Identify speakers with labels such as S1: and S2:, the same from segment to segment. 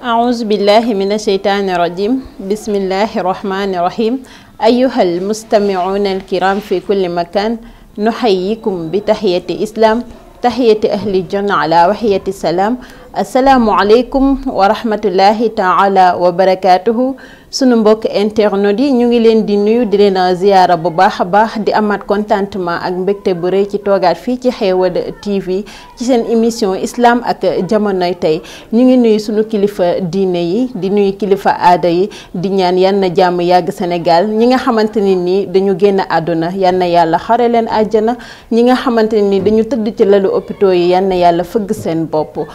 S1: أعوذ بالله من الشيطان الرجيم بسم الله الرحمن الرحيم أيها المستمعون الكرام في كل مكان نحييكم بتحية إسلام تحية أهل الجنة على وحية السلام asalaamualeykum wa rahmatullahi taala wa barakaatuhu sunu mbokk internautes yi ñu ngi leen di nuyu di leen ziyaara bu baax a baax di amaat contentement ak mbégte bu rëy ci toogaat fii ci Xeewal TV ci seen émission islaam ak jamonoy tey ñu ngi nuyu sunu kilifa diine yi di nuyu kilifa aada yi di ñaan yan na jàmm yàgg senegal ñi nga xamante ne ni dañu génn àdduna yan na yàlla xare leen àjjana ñi nga xamante ne ni dañu tëdd ci lalu hôpitaux yi yan na yàlla fëgg seen bopp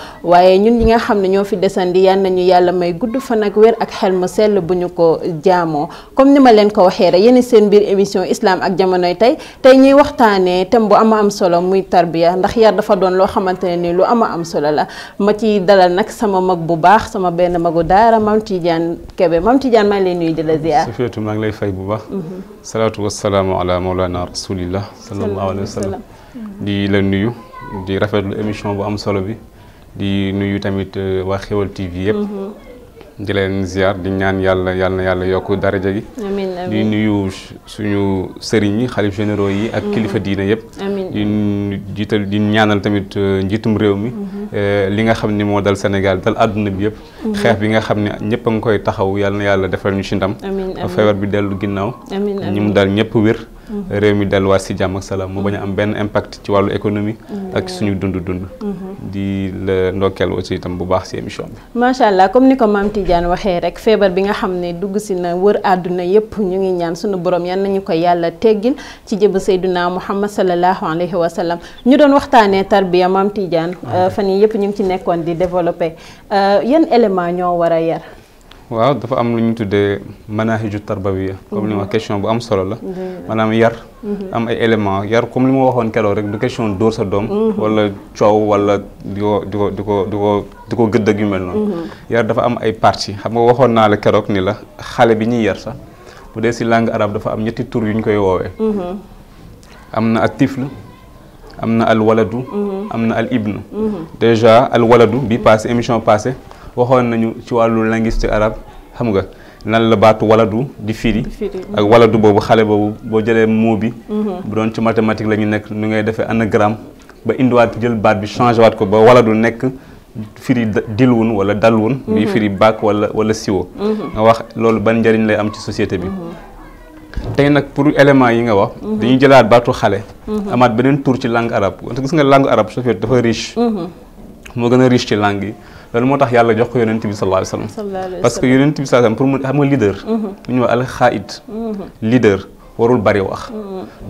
S1: waaye ñun ñi nga xam ne ñoo fi desandi yan nañu yàlla may gudd fan ak wér ak xel mu sell bu ñu ko jaamoo comme ni ma leen ko waxee rek yéen seen biir émission islaam ak jamonoy tey tey ñuy waxtaanee thème bu ama am solo muy tarbiya ndax yar dafa doon loo xamante ne ni lu ama am solo la ma ci dalal nag sama mag bu baax sama benn magu daara Mame Tidiane Kébé Mame Tidiane maa ngi lay nuyu di la ziar. su
S2: feetu mag lay fay bu baax. Mhm. salaatu wasalaamu ala mawlana rasulillah sallallahu alayhi wa sallam di la nuyu émission bu am solo bi. di nuyu tamit euh, waa Xewal TV yëpp. Mm-hmm. di leen ziar di ñaan yàlla yàlla na yàlla yokk daraja yi di nuyu suñu sëriñ yi xalif généraux yi ak mm-hmm. kilifa diina yëpp. di jiital di ñaanal tamit euh, njiitum réew mi. Mm-hmm. Euh, li nga xam ni moo dal Sénégal dal àdduna bi yëpp. xeex bi nga xam ne ñëpp a nga koy taxaw yàlla yàlla defal ñu ci ndam. feebar bi dellu ginnaaw. ñi mu dal ñëpp wér. Mm-hmm. réew mi delluwaat si jàmm ak salaam mu bañ a am benn impact ci wàllu économie. Mm-hmm. ak suñu dund dund. Mm-hmm. di la ndokkeel aussi itam bu baax si émission bi.
S1: macha allah comme ni ko maam tiijaan waxee rek feebar bi nga xam ne dugg si na wër àdduna yépp ñu ngi ñaan suñu borom yan nañu ko yàlla teggil ci jëb Seydina Muhammad sallallahu alayhi wa sallam ñu doon waxtaanee tarbiya maam Tidiane fan yii yépp ñu ngi ci nekkoon di développer euh, yan élément ñoo war a yar.
S2: waaw dafa am lu ñu tuddee ju manahiju tarbawiya comme li ma question bu am solo la maanaam yar mhm. am ay éléments yar comme li ma waxoon keroog rek du question dóor sa doom mhm. wala coow wala di ko di ko di ko di ko di ko gëdd ak yu mel noonu mhm. yar dafa am ay partie xam nga waxoon naa la keroog ni la xale bi ñuy yar sax bu dee si langue arab dafa am ñetti tur yu ñu koy woowee am na ak tifl am na al waladu am na al ibnu déjà al waladu bi passé émission passé waxoon nañu ci wàllu linguiste arab xam nga nan la baatu waladu di firi mm-hmm. ak waladu boobu xale boobu boo jëlee mot bi mm-hmm. bu doon ci mathématique la ñu nekk nu ngay defee anagramme ba indiwaat jël baat bi changé waat ko ba waladu nekk firi dilwun wala dalwun bi mm-hmm. firi baak wala wala siwo nga wax loolu ban njëriñ lay am ci société bi tey nag pour élément yi nga wax dañuy jëlaat baatu xale amaat beneen tur ci langue arabe parce gis nga langue arab soo dafa riche moo gën a riche ci yi loolu moo tax yàlla jox ko yonent bi sallallahu alayhi wa sallam parce que yonent bi sallallahu alayhi wa sallam pour mu xam nga leader bu ñu wax alxaid leader warul bari wax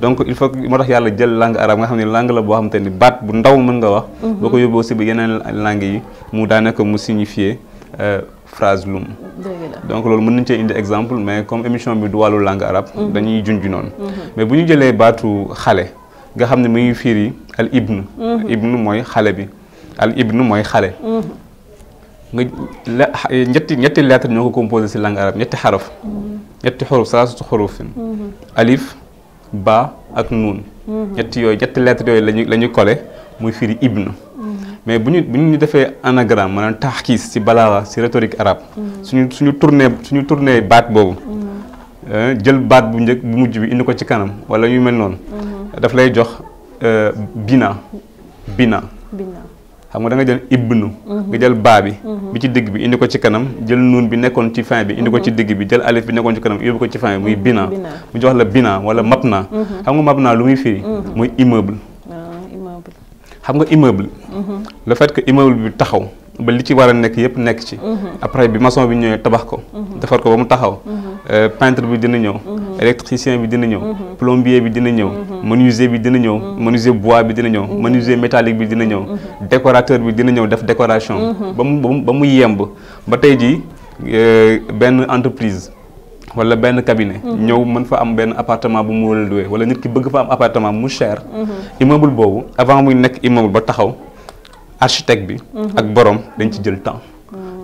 S2: donc il faut motax yàlla jël langue arabe nga xamni langue la bo xamanteni bat bu ndaw mën nga wax boo yobbo ci si bi yeneen langue yi mu danaka mu signifier phrase lum donc lolu mën nañ ci indi exemple mais comme émission bi du walu langue arabe dañuy junj non mais bu ñu jëlee baatu xale nga xamni muy firi al ibn ibn moy xale bi al ibn moy xale Eh, ñetti ñetti lettre ñoo ko composé si langue ñetti xaraf mm-hmm. ñetti xuruf salaasatu xurufin mm-hmm. alif ba ak nuun mm-hmm. ñetti yooyu ñetti lettre yooyu lañu la ñuy collé muy firi ibn mais bu ñu bu ñu defee anagramme tax taxkiis si balaawa si rhétorique arabe suñu suñu tourné suñu tourné baat boobu euh, jël baat bu njëkk bu mujj bi indi ko ci kanam wala ñu mel noonu daf lay jox euh, bina bina xam nga da mhm. nga jël ibnu nga jël baa bi mhm. bi ci digg bi indi ko ci kanam jël nuun bi nekkoon ci fin bi indi ko ci mhm. digg bi jël alif bi nekkoon ci kanam yóbbu ko ci fin bi muy bina mu jox la bina wala mabna xam nga mabna lu muy firi muy ah, immeuble xam nga immeuble le fait que immeuble bi taxaw ba li ci war a nekk yëpp nekk ci après bi maçon bi ñëwee tabax ko defar ko ba mu taxaw euh, pentre bi dina ñëw Mm-hmm. électricien bi dina ñëw mm-hmm. plombier bi dina ñëw mm-hmm. menuisier bi dina ñëw menuisier bois bi dina ñëw menuisier métallique bi dina ñëw décorateur bi dina ñëw def décoration ba mu ba mu yemb ba tey jii ben entreprise wala ben cabinet ñëw mën fa am ben appartement bu mu wala loué wala nit ki bëgg fa am appartement mu cher immeuble bobu avant muy nekk immeuble ba taxaw architecte bi ak borom dañ ci jël temps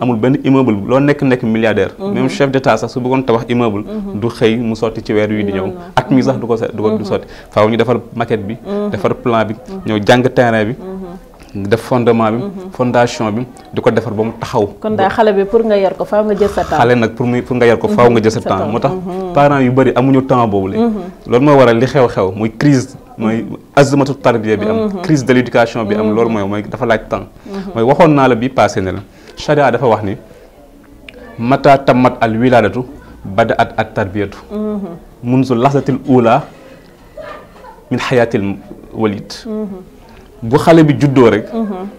S2: amul benn immeuble loo nekk nekk milliardaire mhm. même chef d'état sax su bëggoon tabax immeuble mhm. du xëy weer wi di ñëw at mi sax du ko du ko du mhm. sotti faaw ñu defar maquette bi bi ñëw jàng terrain bi def fondement bi fondation bi di ko defar ba mu taxaw
S1: kon daa xale bi pour nga yor pour
S2: nga yor ko faaw nga jël sa moo tax parents yu bëri amuñu temps boobu la loolu mooy waral li xew-xew muy crise mooy azmatu tarbiya bi am crise de l'éducation bi am loolu mooy mooy dafa laaj temps mooy waxoon naa la bi passé ne charia dafa wax ni mata tammat al wiladatu bada at at tarbiyatu munzu laxsatil ula min xayaatil walid bu xale bi juddoo rek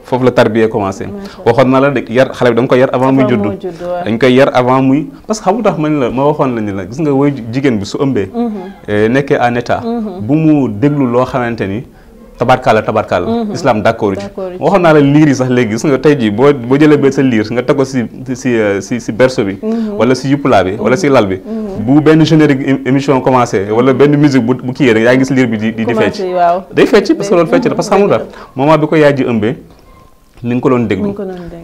S2: foofu la tarbiya commencé waxoon na la rek yar xale bi da nga koy yar avant muy juddu dañ koy yar avant muy parce que xamu tax man la ma waxoon la ni la gis nga woy jigéen bi su ëmbee nekkee en état bu mu déglu loo xamante ni la tabarkaala la mhm. islam d'accord ci waxoon naa la liir yi sax léegi gis nga tey jii boo boo jëlee ba sa liir nga teg ko si si si si berceau bi mhm. wala si yuppalaa bi wala si lal bi mhm. bu benn générique émission commencé wala benn musique bu bu kii yee rek yaa ngi gis liir bi di di fecc day fecc parce loolu fecc la parce que xamul dara moment bi ko yaay ji ëmbee ni nga ko doon déglu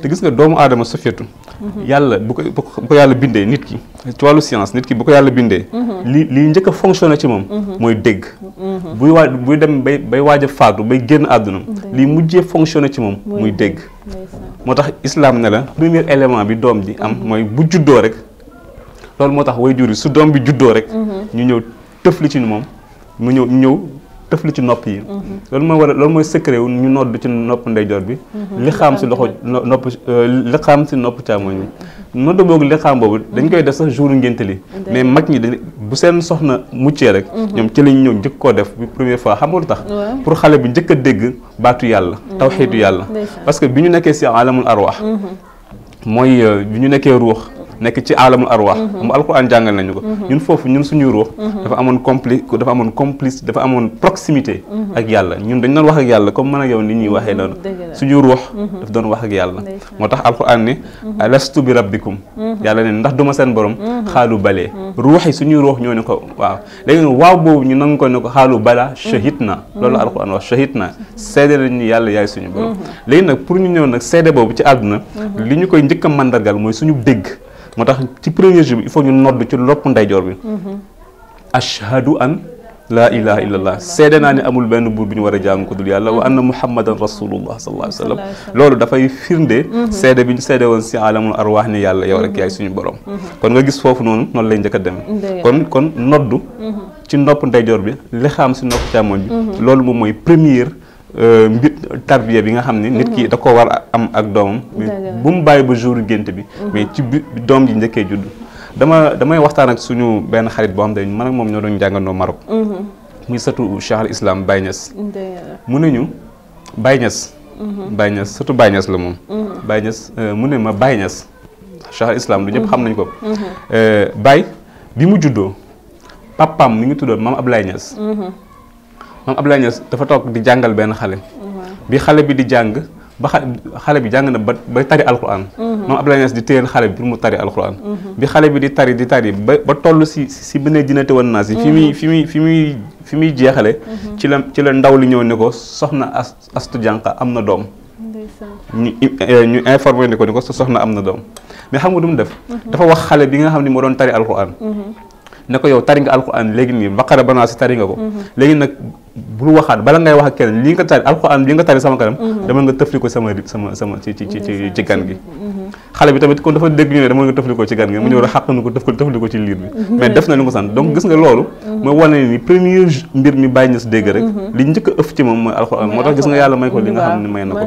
S2: te gis nga doomu aadama sofiyatu mhm. yàlla bu ko bu ko yàlla bindee nit ki ci wàllu science nit ki bu ko yàlla bindee mhm. li lii njëkk a fonctionné ci moom mhm. mooy dégg buy waaj buy dem bay bay waaj a bay génn àdduna lii mujjee fonctionné ci moom muy dégg moo tax islaam ne la premier élément bi doom ji am mooy bu juddoo rek loolu moo tax way jur yi su doom bi juddoo rek ñu ñëw tëfli ci moom mu ñëw ñëw tëf li ci nopp yi mhm. loolu mooy wala loolu mooy secret wu ñu nodd ci nopp ndeyjoor bi mhm. li xaam si loxo nopp li si nopp càmmoñ bi nodd boobu li boobu dañ koy def sax jour ngénte li mhm. mais mag ñi dañ bu seen soxna muccee rek ñoom ci lañ ñëw njëkk koo def bi première fois xam nga tax pour xale bi njëkk a dégg baatu yàlla tawxiidu yàlla parce que bi ñu nekkee si alamul arwaax mooy euh, bi ñu nekkee ruux nekk ci aalamul arwaax mu mhm. alquran jàngal nañu ko mhm. ñun foofu ñun suñu ruux mhm. dafa amoon compli dafa amoon complice dafa amoon proximité ak yàlla ñun dañ doon wax ak yàlla comme man a yow ni ñuy waxee noonu suñuy ruux daf doon wax ak yàlla moo tax alquran ne alastu bi rabbikum yàlla ne ndax duma seen borom xaalu balee ruux yi suñuy ruux ñoo ne ko waaw léegi waaw boobu ñu nangu ko ne ko xaalu bala shahid na loolu alquran wax shahid na seede lañu yàlla yaay suñu borom léegi nag pour ñu ñëw nag seede boobu ci àdduna li ñu koy njëkk mandargal mooy suñu dégg motax ci premier jour il faut ñu nodd ci lopp nday jor bi ashhadu an la ilaha illallah sedena ni amul ben bur biñu wara war ko dul yàlla wa anna muhammadan rasulullah sallallahu alaihi wasallam lolu da fay firnde seede biñu ñu won ci alamul arwah ni yàlla yow rek yaay suñu borom kon nga gis fofu non non lay njëkk dem kon kon noddu ci nopp nday jor bi li xam ci nopp càmmoñ bi lolu moom moy premier mbir tarbiya bi nga xam ne nit kii mhm. da ko war am ak doomam bu mu bàyyi ba jour gént bi mhm. mais ci bi doom ji njëkkee judd dama damay waxtaan ak suñu benn xarit boo xam ne man ak moom ñoo doon jàngandoo Maroc mhm. muy sëtu Cheikh al Islam Baye mu ne ñu Baye Niass Baye la moom Baye Niass euh, mu ne ma Baye Niass Cheikh al Islam du ñëpp xam nañ ko euh, Baye bi mu juddoo papaam mi ngi tuddoon maam Ablaye Niass maam dafa toog di jàngal benn xale bi xale bi di jàng ba xale bi jàng na ba ba tari alquran moom mhm. Abdoulaye Niass di téyeel xale bi pour mu tari alquran mhm. bi xale bi di tari di tari ba ba toll si si bi ne jinate woon naas yi fi muy mhm. fi muy fi muy fi muy jeexale ci la ci la ndaw li ñëw ne ko soxna as astu jànq am na doom ñu eh, ñu informé ni ko ni ko soxna am na doom mais xam nga du mu def dafa wax xale bi nga xam ne moo doon tari alquran ne ko yow tari nga alxuraan léegi nii baqara banaa si tari léegi nag bul waxaat bala ngay wax ak kenn li nga tari alxuraan li nga tari sama kanam mhm. dama nga tëfli ko sama sama sama ci ci ci ci gan gi mhm. xale bi tamit kon dafa dégg ñu ne dama nga tëfli ko ci gan gi mu ñëw xàq na ko def ko tëfli ko ci liir bi mhm. mais def na li ko sant donc gis nga loolu mooy wane ni premier mbir mi bàyyi na si dégg rek li njëkk a ëf ci moom mooy alxuraan moo tax gis nga yàlla may ko li nga xam ne may na ko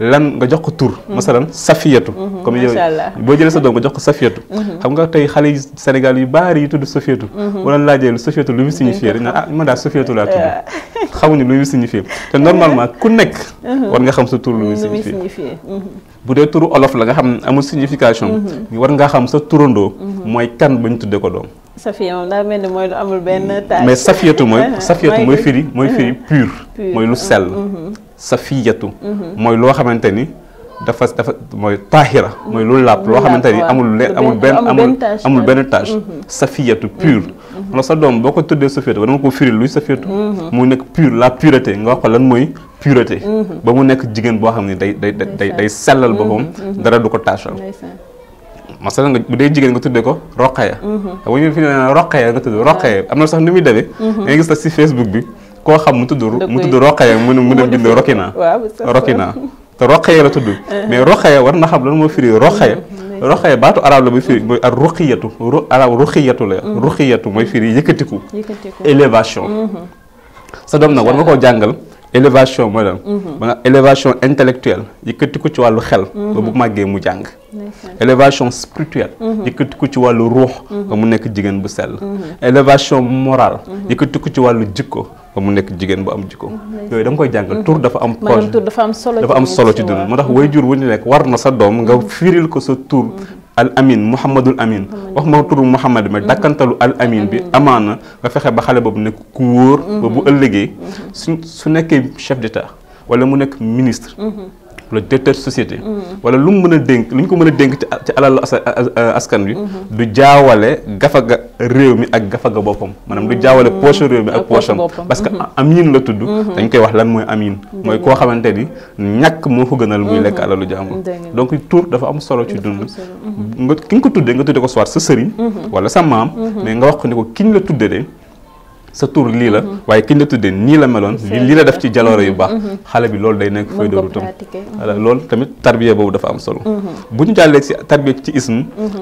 S2: lan nga jox ko tur mm-hmm. masalan safiyatu mm-hmm. comme yow boo jëlee sa doom nga jox ko safiyatu mm-hmm. xam nga tey xale yi Sénégal yu baari yi tudd safiyatu wala laajee lu safiyatu lu mu signifié dañ naan ah man daal safiyatu laa lu mu signifié te normalement ku nekk war nga xam sa tur lu mu signifié bu dee turu olof la nga xam amul signification war nga xam sa turandoo mooy kan bañ tuddee ko doom
S1: safiya mais safiyatu mooy safiyatu mooy firi mooy firi
S2: pur mooy lu sell sa safiyatu mhm. mooy loo xamante ni dafa dafa mooy taahira mooy lu làpp loo xamante ni amul leen amul benn amul amul benn tâche mhm. safiyatu mhm. pure wala sa doom boo ko tuddee safiyatu ba dama ko firil luy sa safiyatu mu nekk pure la pureté nga wax ko lan mooy pureté ba mu nekk jigéen boo xam ne day day day day sellal boppam dara du ko tâchal masala nga bu dee jigéen nga tuddee ko roqaya xam nga ñu fi ne roqaya nga tudd roqaya am na sax ni muy demee nga gis la si Facebook koo xam mu tudd mu tudd roqaya mu mu ne bind rokina rokina te roqaya la tudd mais roqaya war na xam lan moo firi roqaya roqaya baatu arab la muy firi mooy ar ruqiyatu arab ruqiyatu la ruqiyatu mooy firi yëkkatiku
S3: élévation
S2: sa doom nag war nga koo jàngal élévation mooy lan ba nga élévation intellectuelle yëkkatiku ci wàllu xel ba bu màggee mu jàng élévation spirituelle yëkkatiku ci wàllu ruux ba mu nekk jigéen bu sell élévation morale yëkkatiku ci wàllu jikko ba mu nekk jigéen bu am jikko yooyu da nga koy jàngal mm-hmm. tour dafa am projet
S1: dafa am solo dafa am solo ci dund moo tax way
S2: jur wu ñu nekk war na sa doom nga mm-hmm. firil ko sa tur mm-hmm. al amin muhammadul amin wax ma turu muhammad ma dakkantalu al amin bi amaana nga fexe ba xale bu nekk ku wóor ba bu ëllëgee su su nekkee chef d'état wala mu nekk ministre wala directeur société. wala lu mu mën a dénk lu ñu ko mën a dénk ci ci askan wi. du jaawale gafaga réew mi ak gafaga boppam maanaam du jaawale poche réew mi ak poche am parce que mhm. amin la tudd. Mhm. dañ koy wax lan mooy amin. mooy koo xamante ni ñakk moo ko gënal muy lekk mhm. alalu jàmbur. donc tur dafa am solo ci dund. nga ki ko tuddee nga tuddee ko soit sa sëriñ. wala sa maam. mais nga wax ko ne ko kiñ la tuddee de. sa tur lii la mhm. waaye kiñ la tuddee nii la meloon lii la def ci jaloore yu mhm. baax mhm. xale bi loolu day nekk feuille de route am tamit tarbiya boobu dafa am solo bu ñu jàllee si tarbiya ci ism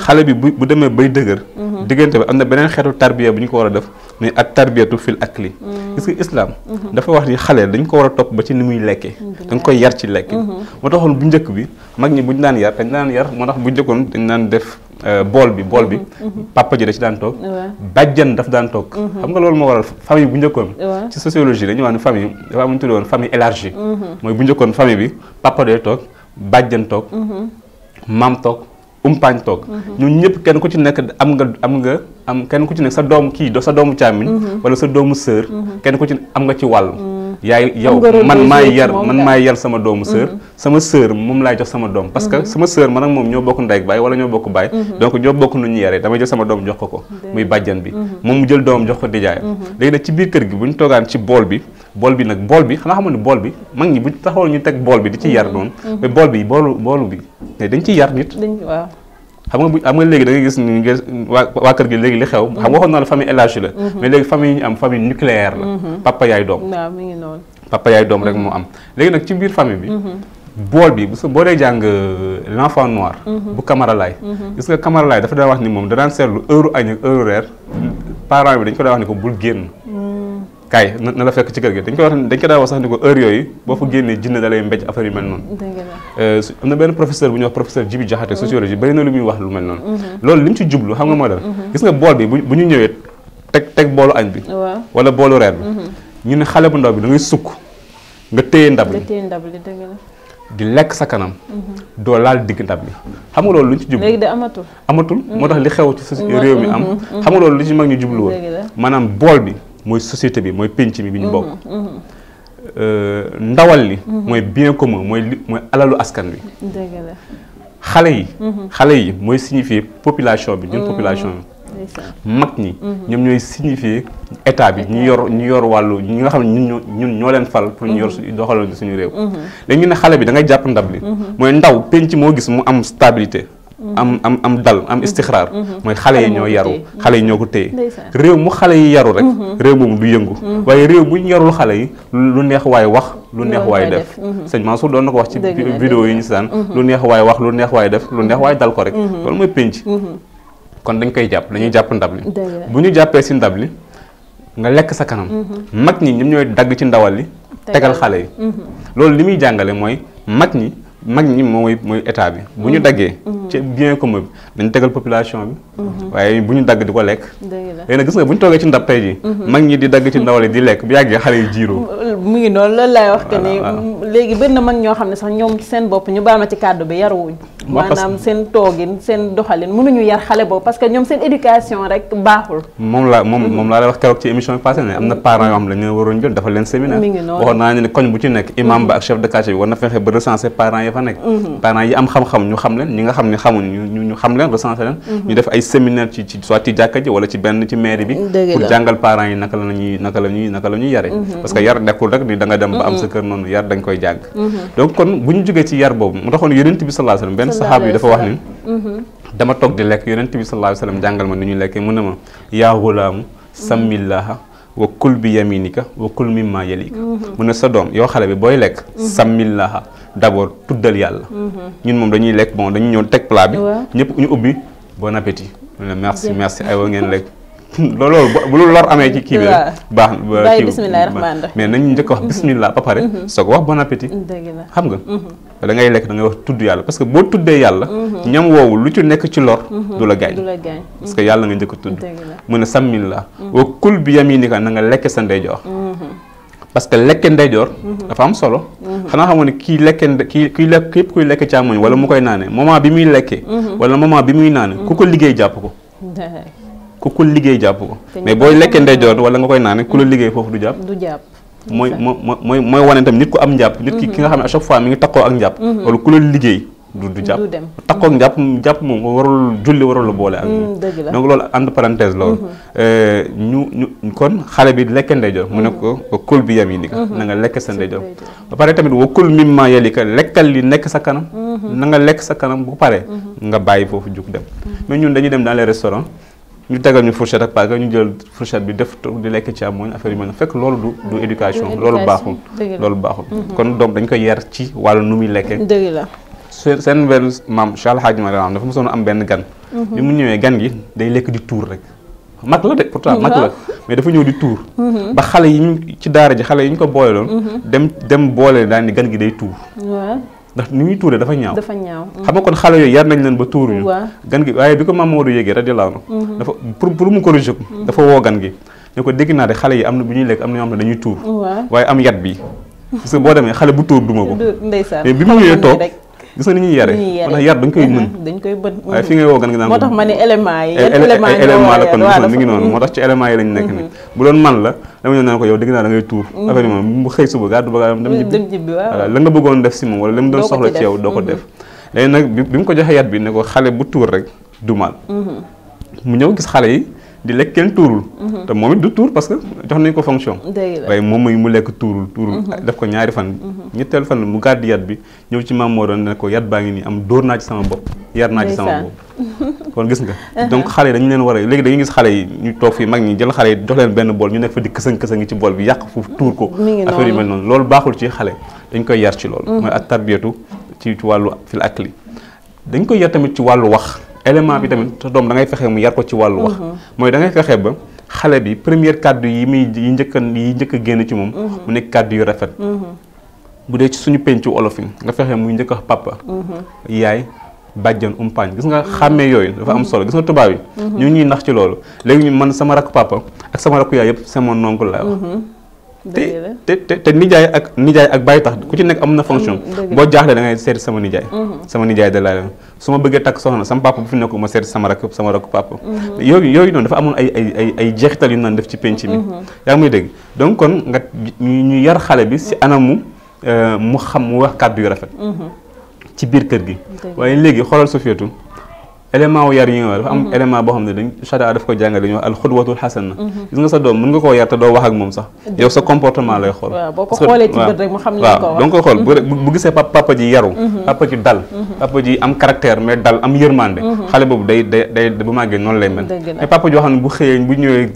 S2: xale bi bu bu demee bay dëgër diggante bi am na beneen xeetu tarbiya bu ñu ko war a def mais ak tarbiyatu fil akli mm. gis nga islaam mm-hmm. dafa wax ni xale dañ ko war a topp ba ci ni muy lekkee da nga koy yar ci lekk mm-hmm. moo taxoon bu njëkk bi mag ñi bu ñu daan yar dañ daan yar moo tax bu njëkkoon dañ daan def euh, bool bi bool bi mm-hmm. papa ji da daan toog bàjjan daf daan toog xam nga loolu moo waral famille bu njëkkoon ci sociologie dañuy wax ne famille dafa amuñu tuddoon famille élargie mooy bu njëkkoon famille bi papa day toog bàjjan toog maam toog umpaañ toog mhm. ñun ñëpp kenn ku ci nekk am nga am nga am kenn ku ci nekk sa doom kii do sa doomu càmmiñ mhm. wala sa doomu sœur mhm. kenn ku ci am nga ci wàll yaay yow man maay yar man maa yar sama doomu sœur mm-hmm. sama sœur moom laay jox sama doom parce que mm-hmm. sama sœur man nag moom ñoo bokk ndey ak baay wala ñoo bokk baay mm-hmm. donc ñoo bokk nu ñu yaree damay jël sama doom jox ko ko muy bàjjan bi moom mu jël doomam jox ko nijaayam léegi nag ci biir kër gi bu ñu toogaan ci bool bi bool bi nag bool bi xanaa xamoon ne bool bi mag ñi bu taxawal ñu teg bool bi di ci yar noonu bool bi boolu boolu bi te dañ ci yar nit xam nga bu xam nga léegi da gis ni nga waa kër gi léegi li xew xam nga waxoon naa la famille élargie la mm-hmm. mais léegi famille yi am famille nucléaire la mm-hmm. papa yaay doom papa yaay doom rek mm-hmm. moo am léegi nag ci biir famille bi bool bi parce que boo dee jàng euh, l' enfant noir bu Camara Laye gis nga Camara dafa daan wax ni moom da daan seetlu heure añ ak reer parents bi dañ ko daan wax ni ko bul génn kaay na la fekk ci kër gi dañ koy wax dañ ko daa wax sax ni ko heure yooyu boo fa génnee jinne da lay mbéj yu mel noonu euh, am na benn professeur bu ñuy wax professeur Djibi Diakhaté mhm. sociologie bëri na lu muy wax lu mel noonu mhm. loolu li mu ci jublu xam nga mooy dal mhm. gis nga bool bi bu ñu ñëwee teg teg boolu añ bi wala boolu reer bi ñu ne xale bu ndaw bi da ngay sukk nga téye ndab li di lekk sa kanam doo laal digg ndab li xam nga loolu lu ñu ci jublu léegi de amatul amatul moo tax li xew ci réew mi am xam nga loolu lu ci mag ñu jublu woon maanaam bool bi mooy société bi mooy pénc mi bi ñu mhm, bokk. Mhm. Euh, ndawal li. Mhm. mooy bien commun mooy li mooy alalu askan wi. xale yi. xale yi mooy signifier population bi ñun population bi. mag ñi. ñoom ñooy signifier état bi ñu yor ñu yor wàllu ñi nga xam ne ñun ñoo leen fal. pour ñu yor su doxaloon suñu réew. léegi ñu ne xale bi da ngay jàpp ndab li. mooy ndaw pénc moo gis mu am stabilité. am am am dal am mhm. istixraar mhm. mooy xale yi ñoo yaru xale yi ñoo ko téye réew mu xale yi yaru rek mhm. réew moom du yëngu waaye réew bu ñu yarul xale yi lu neex waaye wax lu neex waaye def sëñ Mansour doon na ko wax ci vidéo yi ñu si lu neex waaye wax lu neex waaye def lu neex waaye dal ko rek loolu mooy pénc kon dañ koy jàpp dañuy jàpp ndab li bu ñu jàppee si ndab li nga lekk sa kanam mag ñi ñoom ñooy dagg ci ndawal li tegal xale yi loolu li muy jàngale mooy mag ñi mag ñi mooy mooy état bi bu ñu mm. daggee mm. ci bien ko bi dañ tegal population bi Mm-hmm. waaye bu ñu dagg di ko lekk léegi nag gis nga bu ñu toogee ci ndab tey ji mm-hmm. mag ñi di dagg ci ndawal di lekk bu yàggee xale yi jiiroo
S1: mu ngi noonu loolu laay wax que ni ah, ah. léegi bëri na mag ñoo xam ne sax ñoom seen bopp ñu baal ci kàddu bi yaruwuñ maanaam seen toogin seen doxalin mënuñu yar xale boobu parce que ñoom seen éducation rek baaxul
S2: moom laa moom mm-hmm. moom laa lay wax keroog ci émission bi ne am na parents yoo xam leen ñu ne xamuñ ñu xam leen séminaire ci ci soit ci jàkka ji wala ci benn ci mairie bi pour jàngal parents yi naka la ñuy naka la ñuy naka la ñuy yare mhm. parce que yar nekkul rek ni danga dem ba am sa mhm. kër noonu yar dañ koy jàng mhm. donc kon bu ñu jógee ci yar boobu mu taxoon yonent bi sallallahu alayhi wasallam benn sahaaba yi dafa wax ni dama toog di lekk yonent bi sallallahu alayhi wasallam jàngal ma ni ñuy lekkee mu ne ma yaa gulaamu sammillaha wa kul bi yaminika wa kul mimma yalika mu ne sa doom yow xale bi booy lekk sammillaha d'abord tuddal yàlla ñun moom dañuy lekk bon dañuy ñëw teg plat bi ñëpp ñu bon appétit. merci merci aywa ngeen lekk. loolu bu lu lor amee ci kii bi rek. baax bàyyi bisimilah rahmaani rahim njëkk wax bisimilah ba pare. Mhm. soog wax bon appétit. dëgg la xam nga. Mhm. da ngay lekk da ngay wax tudd yàlla parce que boo tuddee yàlla. Mhm. ñam woowu lu ci nekk ci lor. du la gaañ parce que yàlla nga njëkk a tudd. dëgg la mu ne sàmmil la. wa kul bi yaminika na nga lekk sa ndeyjoor. parce que lekk ndeyjoor mhm. dafa am solo mhm. xanaa xamoon ne kii lekk kii kii lekk képp kuy lekk càmmoñ wala mu koy naane moment bi muy lekkee mhm. wala moment bi muy naane ku ko liggéey jàpp ko ku ko liggéey jàpp ko mais booy lekkee ndeyjoor wala nga koy naane ku la liggéey foofu du jàpp du jàpp mooy mooy mooy wane tam nit ku am njàpp nit ki nga xam ne à chaque fois mi ngi takkoo ak njàpp wala ku la liggéey du du jàpp takkoog mm. jàpp jàpp moom warul julli warul la boole ak
S1: mm,
S3: donc loolu
S2: entre parenthèse loolu mm-hmm. euh, ñu ñu kon xale bi lekk ndeyjoor mu ne mm-hmm. ko kul bi yam yi ni mm-hmm. na nga lekk sa ndeyjoor ba pare tamit wa kul mimma yalika lekkal li nekk sa kanam na nga lekk sa kanam bu pare nga bàyyi foofu jug dem mais ñun dañuy dem dans les restaurants ñu tegal ñu fourchette ak paaka ñu jël fourchette bi def di lekk ci amoon affaire yu mel fekk loolu du du éducation loolu baaxul loolu baaxul kon doom dañ koy yar ci wàllu nu muy lekkee seen benn maam Cheikh Hadji Mariam dafa mosoon am benn gan mhm. bi mu ñëwee gan gi day lekk di tuur rek mag la de pourtant mag la mais dafa ñëw di tuur mhm. ba xale yi ñu ci daara ji xale yi ko boole loon mhm. dem dem boole daan ni gan gi day tuur ndax ni muy tuuree dafa ñaaw dafa ñaaw xam kon xale yooyu yar nañ leen ba tuuruñu gan gi waaye bi ko maam Maodo yéegee radiyallaahu anhu dafa pour pour mu dafa woo gan gi ne ko dégg naa de xale yi am na bu ñuy lekk am na ñoo xam ne dañuy tuur waaye am yat bi parce que boo demee xale bu tuur duma ko
S1: bi mu ñëwee toog
S2: gis nga ni ñuy yare maanaam yar dañ
S1: koy mën waaye fi ngay woo gan ma ne élément yi élément ngi noonu moo
S2: tax ci yi lañ nekk ni mm-hmm. bu doon man la dama ñëw naan ko yow dégg naa da ngay tuur mm-hmm. affaire yi moom bu xëy suba gàddu ba mm-hmm. dem jibbi voilà la nga bëggoon def si moom wala la mu doon soxla ci yow doo ko def léegi nag bi mu ko joxee yat bi ne ko xale bu tuur rek du mal mu ñëw gis xale yi di lekk kenn tuurul. Mhm. te moom it du tuur parce que jox nañ ko fonction. waaye moom mooy mu lekk tuurul tuurul. Mhm. def ko ñaari fan. Mhm. ñetteel fan mu gàddi yat bi ñëw ci maam moo doon ne ko yat baa ngi nii am dóor naa ci sama bopp. yar naa ci sama
S3: bopp
S2: kon gis nga. donc uh-huh. xale yi dañu leen war léegi dañuy gis xale yi ñu toog fii mag ñi jël xale yi jox leen benn bool ñu nekk fa di kësën kësën ci bool bi yàq foofu tuur ko. affaire yu mel noonu loolu baaxul ci xale dañ koy yar ci loolu. mooy at tarbiyatu ci wàllu fil akli dañ koy yar tamit ci wàllu wax élément bi tamit sa doom da ngay fexe mu yar ko ci wàllu wax uh-huh. mooy da ngay fexe ba xale bi première kàddu yi muy yi njëkk yi njëkk a génn ci moom uh-huh. mu ne kàddu yu rafet uh-huh. bu dee ci suñu pencu olof yi nga fexe mu njëkk a papa yaay bàjjan umpaañ gis nga xàmmee yooyu dafa am solo gis nga tubaab yi ñu ngi ndax nax ci loolu léegi ñu man sama rakk papa ak sama rakk yaay yëpp sama nonk laa
S3: wax te
S2: te te nijaay ak nijaay ak bàyyi tax ku ci nekk am na fonction boo jaaxlee da ngay sama nijaay mhm. sama nijaay da laa su ma bëggee takk soxna sama papa bu fi nekk ma seeti sama rakk sama rakk papa mhm. yooyu yooyu noonu dafa amoon ay ay ay ay jeexital yu naan def ci penc mi mhm. yaa ngi muy dégg donc kon nga ñu yar xale bi si anamu euh, mu xam mu wax kàddu yu rafet ci biir kër gi waaye léegi xoolal Sofiatou élément wu yar yi mhm. boo xam ne dañ charia daf ko jàngale ñu wax alxudwatul xasana mhm. gis nga sa doom mën nga koo yar te doo wax ak moom sax yow sa comportement lay xool
S1: boo ko xoolee xam li nga ko wax donc xool
S2: bu gisee papa ji yaru mhm. papa ji dal papa ji am caractère mais dal am yërmande xale boobu day day day bu màggee noonu lay mel mais papa joo xam ne bu xëyee bu ñëwee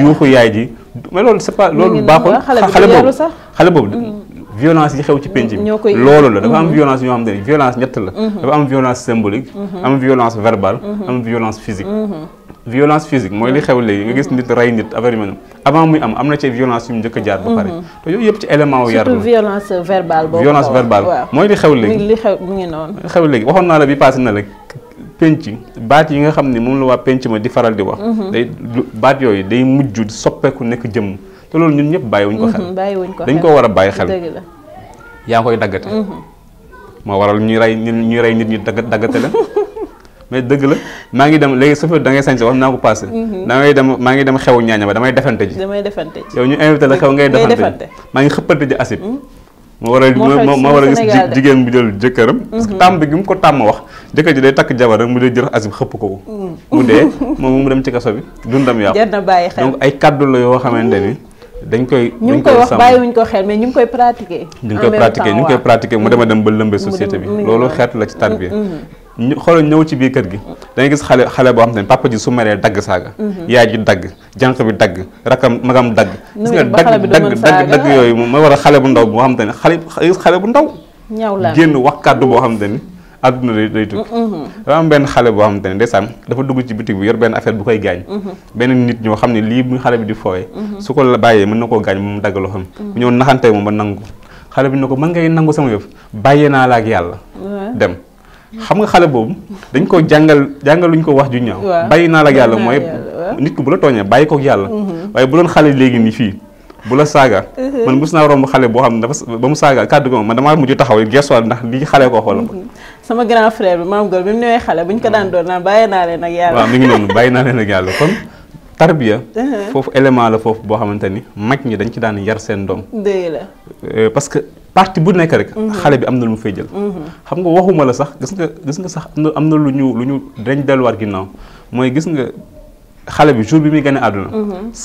S2: yuuxu ah, yaay ji mais loolu c'est pas loolu baaxul xale boobu xale boobu violence yi xew ci penc bi loolu la dafa am mm-hmm. violence yoo xam ne violence ñett la mm-hmm. dafa am violence symbolique mm-hmm. am violence verbale am violence physique violence physique mooy li xew léegi nga gis nit rey nit affaire yu mel am am na ci violence yu mu njëkk a jaar ba pare yooyu yëpp ci élément wu yar la
S1: mooy li xew léegi li xew
S2: xew léegi waxoon naa la bi passé na la penc baat yi nga xam ni moom la waa penc ma di faral di wax day baat yooyu day mujju soppeeku nekk jëm te loolu ñun ñëpp bàyyiwuñ ko xel
S1: mhm, dañ koo war a bàyyi xel
S2: yaa koy daggate mhm. moo waral ñuy rey ñuy rey nit ñu dagg daggate la mais dëgg la maa ngi dem léegi chauffeur da ngay sañse wax naa ko passé mhm. da ngay dem maa ngi dem xew ñaaña ba damay defante ji yow ñu invité la xew ngay defante ji maa ngi xëppante ji acide moo war a moo war gis jigéen mu jël jëkkëram parce que tàmm bi gi mu ko tàmm wax jëkkër ji day takk jabaram mu dee jël acide xëpp ko mu dee moom mu dem ci kaso bi dundam yàqu donc ay kàddu la yoo xamante ni dañ koy ñu ngi koy wax bàyyiwuñ
S1: ko xel mais ñu ngi koy pratiquer. ñu ngi koy pratiquer koy
S2: pratiquer mu dem a dem ba lëmbee société
S1: bi loolu xeetu
S2: la ci tarbiya mm-hmm, mm-hmm. ñu xoolal ñëw ci biir kër gi da gis xale xale boo xam ne papa ji su meree dagg saaga mm-hmm. yaay ji dagg jànq bi dagg rakam magam dagg gis nga dagg dagg dagg dagg yooyu ma war a xale bu ndaw boo xam te ne xale gis xale bu ndaw génn wax kàddu boo xam te aduna day day tuk mm-hmm. dafa am benn xale boo xamante ne dafa dugg ci boutique bi yor ben affaire bu koy gañ mm-hmm. ben nit ñoo xamni li bu xalé bi di foy. Mm-hmm. su ko bàyyee mën na koo gaañ moom dagg loxoom bu naxante mo ba nangu xalé bi nako ma ngay nangu sama yef baye na la ak yalla
S3: dem xam
S2: nga xalé bobu dañ ko jangal jàngaluñ ko wax ju ñaw Baye na la ak yalla moy nit ku bu la toñe baye ko ak yalla waye bu doon xale léegi ni fi bula saga man musna naa xalé bo xam dafa bamu saga kaddu ko man dama muju taxaw gesso ndax li xalé ko xoolal
S1: sama grand frère bi maam góor bi mu newee xale bu ñu ko daan doon naan bàyyi naa leen ak yàlla. waaw mi
S2: ngi noonu bàyyi naa leen ak yàlla kon tarbiya. Uh-huh. foofu élément la foofu boo xamante ni mag ñi dañ ci daan yar seen doom. dëgg la euh, parce que parti bu nekk rek. Uh-huh. xale bi am na lu mu fay jël. Uh-huh. xam nga waxuma la sax gis nga gis nga sax am na lu ñu lu ñu dañ delluwaat ginnaaw mooy gis nga. xale bi jour bi mi gën aduna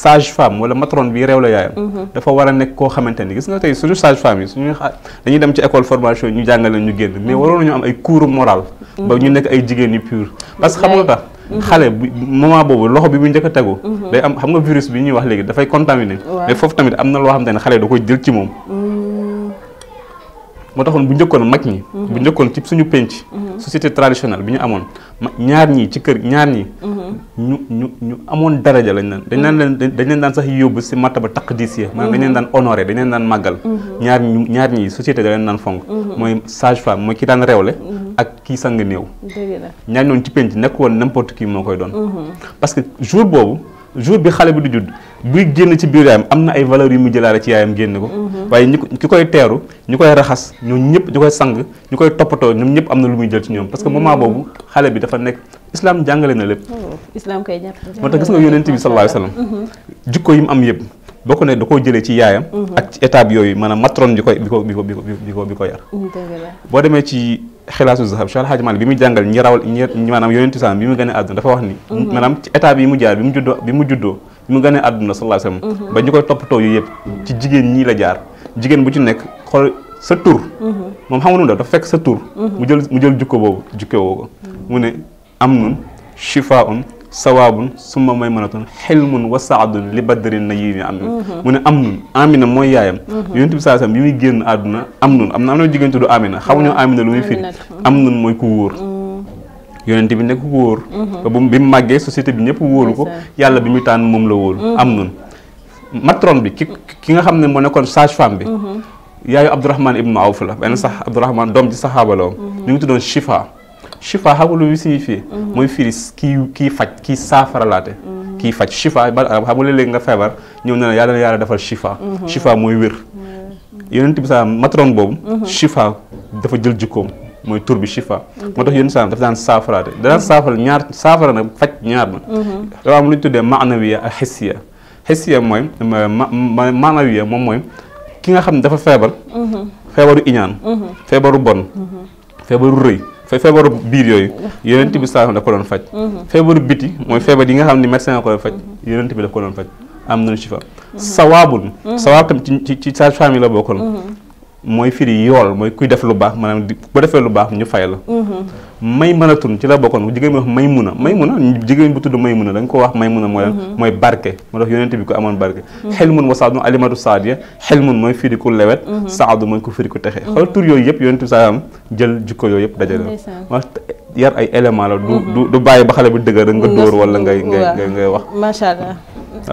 S2: sage femme wala matron bi rew la yaayam dafa wara nek ko xamanteni gis nga tay suñu sage femme yi suñu dañuy dem ci école formation ñu jàngale ñu génn mais waro ñu am ay cours moral ba ñu nek ay jigéen yu pure parce que xam nga tax xale moment bobu loxo bi bu ñëk a day am xam nga virus bi ñuy wax légui da fay contaminer mais fofu tamit amna lo xamanteni xale da koy jël ci mom moo taxoon bu njëkkoon mag ñi. Mhm. bu njëkkoon ci suñu penc. Mhm. société traditionnelle bi ñu amoon ñaar ñii ci kër ñaar ñi
S3: mhm.
S2: ñu ñu ñu amoon daraja lañ leen dañ leen leen dañ leen daan sax yóbbu si martaba taqdis yi maanaam dañ leen daan honoré dañ leen daan màggal. ñaar ñu ñaar ñi société da leen daan fonk. mooy sage femme mooy ki daan réewle. ak kii sang néew. ñaar ñooñu ci penc nekk woon n'importe qui moo koy doon. parce que jour boobu. jour bi xale bi du judd buy génn ci biir yaayam am na ay valeurs yu mu jëlaale ci yaayam génn ko mhm. waaye ñi ki koy teeru ñu koy raxas ñoom ñëpp ñu koy sang ñu koy toppatoo ñoom ñëpp am na lu muy jël ci ñoom parce que mhm. moment boobu xale bi dafa nekk islam jàngale na lépp
S1: oh, moo tax gis nga yonent bi sallallahu alayhi mhm.
S2: jukko yi mu am yëpp bokk ne da koo jëlee ci yaayam. Mhm. ak ci étape yooyu maanaam matron bi koy bi ko bi ko bi ko bi ko yar. Mm, boo demee ci xilaasu zahab Cheikh Alhaji Malick bi muy jàngal ñi rawal ñi maanaam yonentu islam bi mu gën a àdduna dafa wax ni. Mhm. maanaam ci étape yi mu jaar bi mu juddoo bi mu juddoo bi mu gën a àdduna sallallahu alayhi wasallam mhm. ba ñu koy toppatoo yu yëpp. ci jigéen ñii la jaar jigéen bu ci nekk xool sa tur. moom xam nga nu dafa fekk sa tur. mu jël mu jël jukko boobu jukko boobu mu ne am nun shifaun sawaabun summa may mënatun xilmun wa saadun li baddarin na yi am nun mu ne am nun amina mooy yaayam yonent bi saa bi muy génn àdduna am nun am na am na jigéen tudd amina xamuñu amina lu muy firi am nun mooy ku wóor
S3: mm-hmm.
S2: yonent bi nekk ku wóor mm-hmm. ba bi mu màggee société bi ñëpp wóolu ko yàlla bi muy tànn moom la wóolu mm-hmm. am nun matron bi ki ki nga xam ne moo nekkoon sage femme bi yaayu abdourahman ibnu awf la benn sax abdourahman doom ci saxaaba la ñu ngi tuddoon Shifa shifa xam nga lu muy signifié mhm. mooy firi kii kii faj kii saafaralaate mhm. kii faj shifa ba arab xam nga léeg nga feebar ñëw na la yàlla yàlla defal shifa shifa mhm. mooy wér yonent matron boobu shifa dafa jël jikkoom mooy tur bi shifa moo tax yonent saa dafa daan saafaraate da daan ñaar saafara nag faj ñaar na tuddee maanawiya ak xisiya xisiya mooy moom mooy ki nga xam ne dafa feebar feebaru iñaan feebaru bon feebaru rëy fa feebaru biir yooyu yonent bi saa daf ko doon faj mhm. feebaru biti mooy feebar yi nga xam ne médecin nga ko doon faj mhm. yonent bi daf ko doon faj am nañu ci fa mhm. sawaabul sawaab tam ci ci sa famille la bokkoon mooy firi yool mooy kuy def lu baax maanaam bu defee lu baax ñu fay la
S3: mm-hmm.
S2: may mën a tun ci la bokkoon jigéen bi wax may mun a mm-hmm. may mun a jigéen bu tudd may mun a dañ ko wax may mun a mooy mm-hmm. mooy barke moo tax yonent bi ko amoon barke xel mun wa saadun alimatu saadiya xel mun mooy firi ku lewet saadu mooy ku firi ku texe xool tur yooyu yëpp yonent bi saam jël jikko yooyu yëpp dajale wax yar ay élément la du du bàyyi ba xale bi dëgër nga dóor wala ngay ngay
S1: ngay wax macha allah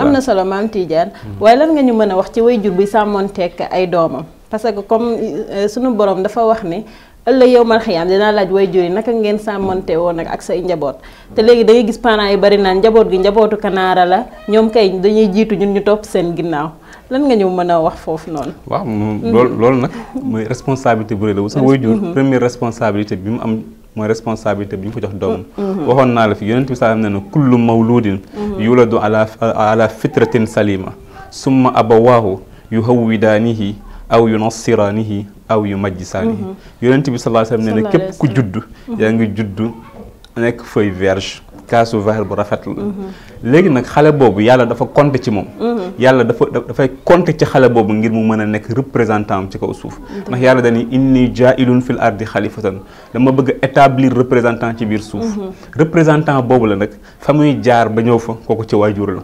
S1: am na solo maam Tidiane waaye lan nga ñu mën a wax ci way jur bi sàmmoonteek ay doomam parce que comme euh, suñu boroom dafa wax ni ëllëg yow mal xiyaam dinaa laaj way jur yi naka ngeen sàmmante woon nag ak say njaboot te léegi da gis parents yi bari naan njaboot gi njabootu kanaara la ñoom kay dañuy jiitu ñun ñu topp seen ginnaaw lan nga ñëw mën a wax foofu noonu.
S2: waaw mhm. loolu loolu nag mooy responsabilité bu rëy la bu sax jur première responsabilité bi mu am mooy responsabilité bi ñu ko jox doomam. Mhm. waxoon naa la fi yonent bi saa ne na kullu mawludin mhm. yuladu ala ala fitratin salima summa abawaahu aw yu nasiraanihi aw yu majjisaanihi mhm. yonent bi sallallahu alayhi wa sallam nee na képp ku judd mhm. yaa ngi juddu nekk feuille vierge kaasu verre bu rafet la mhm. léegi nag xale boobu yàlla dafa compter ci moom yàlla dafa dafay compter ci xale boobu ngir mu mën a nekk représentant am ci kaw suuf ndax yàlla dañuy inni jaailun fil ardi xalifatan dama bëgg a établir représentant ci biir suuf représentant boobu la nag fa muy jaar ba ñëw fa kooku ci waajur la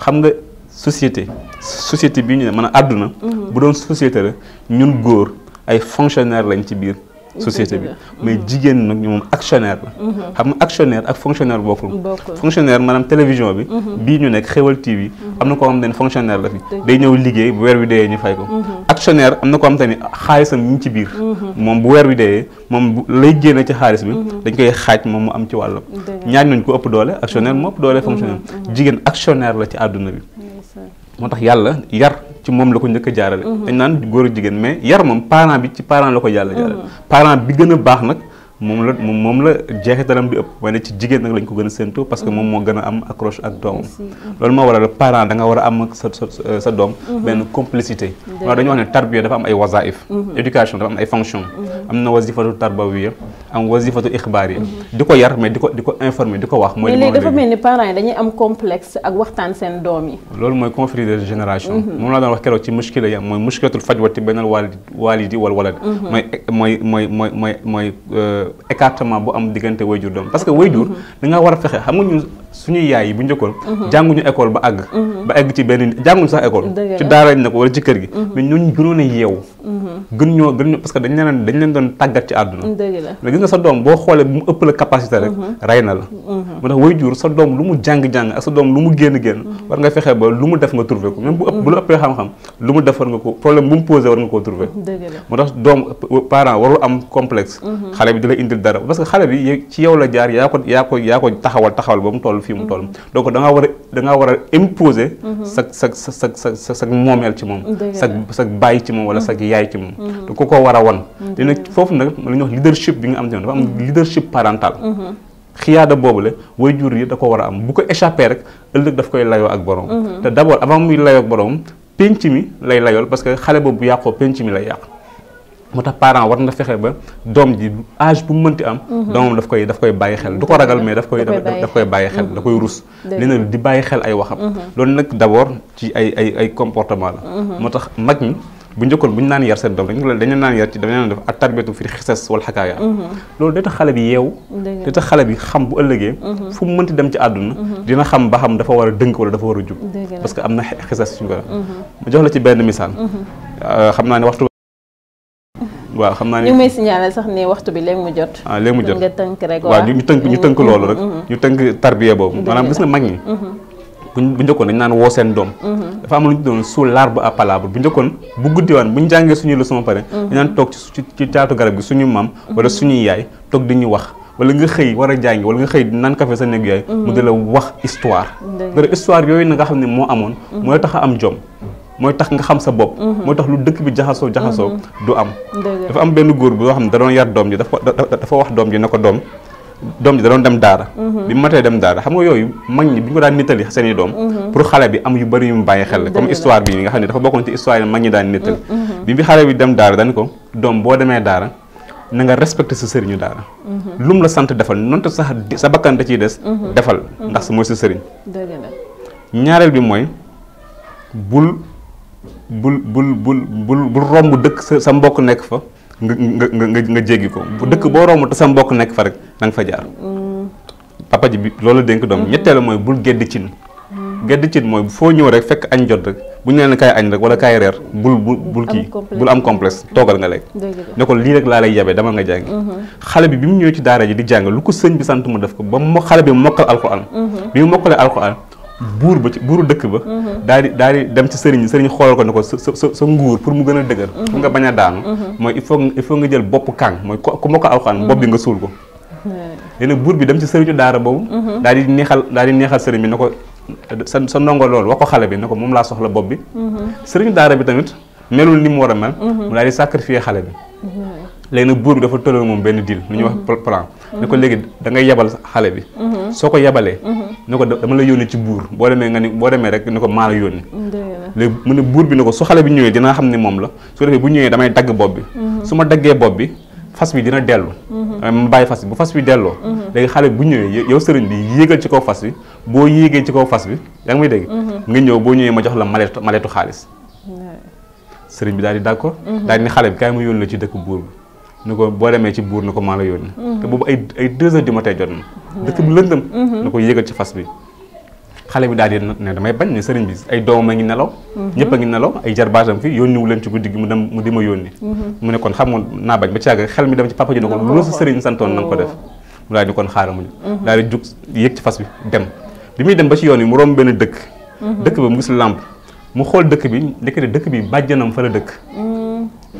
S2: xam nga société société bi ñu ne maanaam àdduna. Mhm. bu doon société la ñun góor ay fonctionnaire lañ ci biir.
S3: societé bi mais
S2: jigéen nag moom actionnaire la. Mhm. xam nga actionnaire ak fonctionnaire bokkul. fonctionnaire maanaam télévision bi. Mhm. bii ñu nekk xéwal TV. am na koo xam ne fonctionnaire la fi. day ñëw liggéey bu weer wi dee ñu fay ko. actionnaire am na koo xam te ni xaalisam ñu ci biir. moom bu weer wi deewee moom lay génne ci xaalis bi. dañ koy xaaj moom mu am ci wàllam. ñaaj nañ ko ëpp doole actionnaire moo ëpp doole fonctionnaire jigéen actionnaire la ci àdduna bi. moo tax yàlla yar ci moom la ko njëkk jaarale mhm. dañ naan góor jigéen mais yar moom parent bi ci parent la ko yàlla mhm. jaarale parent bi gën a baax nag moom la moom moom la jeexitalam di ëpp waaye ci jigéen nag lañ ko gën a séntu parce que mhm. moom moo gën a am accroche ak doomam loolu moo waral parent da war a am ak sa sa sa doom benn complicité waaw dañu wax ne tarbiya dafa am ay wasaif éducation dafa am ay fonction am na wasifatu tarbawiya am wazifatu xibaar yi. di yar mais diko diko di ko informer di wax. moy li dafa
S1: melni parents dañuy am complexe ak waxtan sen domi
S2: yi. moy conflit de génération. moom la doon wax kéro ci muskila yi mooy muskilatul fajwati baynal walidi wal walad. moy moy moy moy moy écartement bu am digënté wayjur dom parce que wayjur da nga wara fexe xam nga suñuy yaay yi bu njëkkoon mhm. jànguñu école ba àgg mhm. ba àgg ci benn jànguñu sax école ci daara lañ ne ko wala ci kër gi mhm. mais ñooñu gënoon yeew gën ñoo gën ñoo parce que dañ leen dañ leen doon tàggat ci àdduna mais gis nga sa doom boo xoolee bu mu ëpp la capacité rek rey na la moo tax way jur sa doom lu mu jàng-jàng ak sa doom lu mu génn-génn war nga fexe ba lu mu def nga trouvé ko même bu ëpp bu la ëppee xam-xam lu mu def nga ko problème bu mu posé war nga koo trouvé moo tax parent warul am complexe xale bi di la indil dara que xale bi ci yow la jaar yaa ko yaa ko yaa ko taxawal taxawal ba mu toll fii mu toll donc da ngaa war a da war a imposer mhm. sa sa sa sa sa moomeel ci moom sa sa bàyyi ci moom wala sag mhm. yaay ci moom mhm. da ko ko war a wan léegi nag foofu nag la ñuy wax leadership bi nga am ci dafa am leadership parental xiyaada boobu la way jur yi da ko war a am bu ko échappé rek ëllëg daf koy layoo ak borom te d'abord avant muy layoo ak borom penc mi lay layool parce que xale boobu bu yàqoo penc mi lay yàq moo tax parent war na fexe ba dom ji âge bu mu mënti am. doomam daf koy daf koy bàyyi xel du ko ragal mais daf koy daf koy bàyyi xel da koy rouss néna di bàyyi xel ay waxam. lool nak d'abord ci ay ay ay comportement la. motax mag ñi bu njëkkoon bu ñu naan yar seen doom dañu dañu naan yar ci dañu naan def atarbetu fi xisas wal hakaya lool day tax xale bi yew day tax xale bi xam bu ëllëgé fu mu mënti dem ci aduna dina xam ba xam dafa wara dëng wala dafa wara a jub. parce que amna na ci suñu
S1: ma
S2: jox la ci benn misal xamna ni waxtu waaw xam naa ne ñu ngi may
S1: signaler sax ni waxtu bi léegi mu jot. ah léegi mu jot nga tënk rek. waaw ñu tënk ñu tënk loolu rek. Mm-hmm.
S2: ñu tënk tarbiya boobu maanaam gis nga mag ñi. Mm-hmm. bu njëkkoon dañ naan woo seen doom mm-hmm. dafa am lu doon sous l'arbre à palabres bu njëkkoon bu guddiwaan bu ñu jàngee suñuy leçon pare dañ naan toog ci ci taatu garab gi suñu maam wala suñuy yaay toog di ñu wax wala nga xëy war a jàngi wala nga xëy naan café sa néeg yaay mu di la wax histoire dara histoire yooyu na nga xam ne moo amoon moo tax a am jom mooy tax nga xam sa bopp mhm. mooy tax lu dëkk bi jaxasoo jaxasoo mhm. du am dafa am benn góor boo xam ne da yar doom ji dafa dafa wax doom ji ne ko doom doom ji da doon dem daara mhm. bi matee dem daara xam nga yooyu mag ñi bi ñu ko daan nittali seen i doom pour xale bi am yu bëri yu mu bàyyi xel comme histoire bi nga xam ne dafa bokkoon ci histoire yi mag ñi daan nittali bi bi xale bi dem daara dañ ko doom boo demee daara na nga respecté sa sëriñu daara lu mu la sant defal noonte sax sa bakkan da ciy des defal ndax sa mooy sa sëriñ bi mooy bul bul bul bul bul romb dëkk sa sa mbokk nekk fa nga nga nga nga jéggi ko bu dëkk boo romb te sa mbokk nekk fa rek na nga fa jaar. Mm. papa ji bi loolu dénk doom mm. ñetteelu mooy bul geddi cin. Mm. geddi cin mooy foo ñëw rek fekk añ jot rek bu ñu leen kaay añ rek wala kaay reer bul bul bul kii bul am complexe toogal nga lekk ne ko lii rek laa lay yabee dama nga jàngi mm-hmm. xale bi bi mu ñëwee ci daara ji di jàng lu ko sëñ bi sant mu def ko ba mu xale bi mokkal alxuraan mm-hmm. bi mu mokkalee alxuraan buur ba ci buuru dëkk ba
S3: mhm. daal di
S2: daal di dem ci sëriñ sëriñ xoolal ko ne ko sa sa sa nguur pour mu gën a dëgër mhm. pour nga bañ a daanu mhm. mooy il faut il nga jël bopp kàng mooy ku ma ko alxaan bopp bi nga suul ko
S3: léegi
S2: nag buur bi dem ci sëriñu daara boobu daal di neexal daal di neexal sëriñ bi ne ko sa sa ndongo loolu wax xale bi ne ko moom laa soxla bopp bi sëriñu daara bi tamit melul ni mu war a mel mu daal di sacrifier xale bi léegi nag buur bi dafa tëral moom benn deal lu ñuy wax plan ne ko léegi da ngay yebal xale bi mhm. soo ko yebalee mhm. ne ko dama la yónni ci buur boo demee nga ni boo demee rek ni ko maa la yónni léegi mu ne buur bi ne ko su xale bi ñëwee dina xam ne moom la su defee bu ñëwee damay dagg bopp bi mhm. su ma daggee bopp bi fas bi dina dellu ma bàyyi fas bi bu fas bi delloo léegi xale bu ñëwee yow sëriñ bi yéegal ci ko fas bi boo yéegee ci kaw fas bi yaa ngi may dégg nga ñëw boo ñëwee ma jox la maletu maletu xaalis sëriñ bi daal di d'accord daal di xale bi kaay ma yónni la ci dëkk buur bi ni ko boo demee ci buur ni ko maa la yónni mhm. te boobu ay ay deux heures du matin jot na
S3: dëkk bi lëndëm mhm. ni ko
S2: yégal ci fas bi xale bi daal di ne damay bañ ne sëriñ bi ay doomam a ngi nelaw mhm. ñëpp a ngi nelaw ay jarbaatam fi yónniwu leen ci guddi gi mu dem mu di ma yónni mu ne kon xam nga naa bañ ba ci yàgg xel mi dem ci papa ji ne ko loolu sa sëriñ santoon na ko oh. def mu daal di kon xaaral mu ñu daal di jug yéeg ci fas bi dem bi muy dem ba ci yoon yi mu romb benn dëkk dëkk ba mu gis làmp mu xool dëkk bi ndekete dëkk bi bàjjanam fa la dëkk mm.